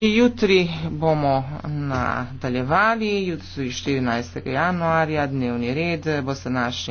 Jutri bomo nadaljevali, jutri 14. januarja, dnevni red, bo se naš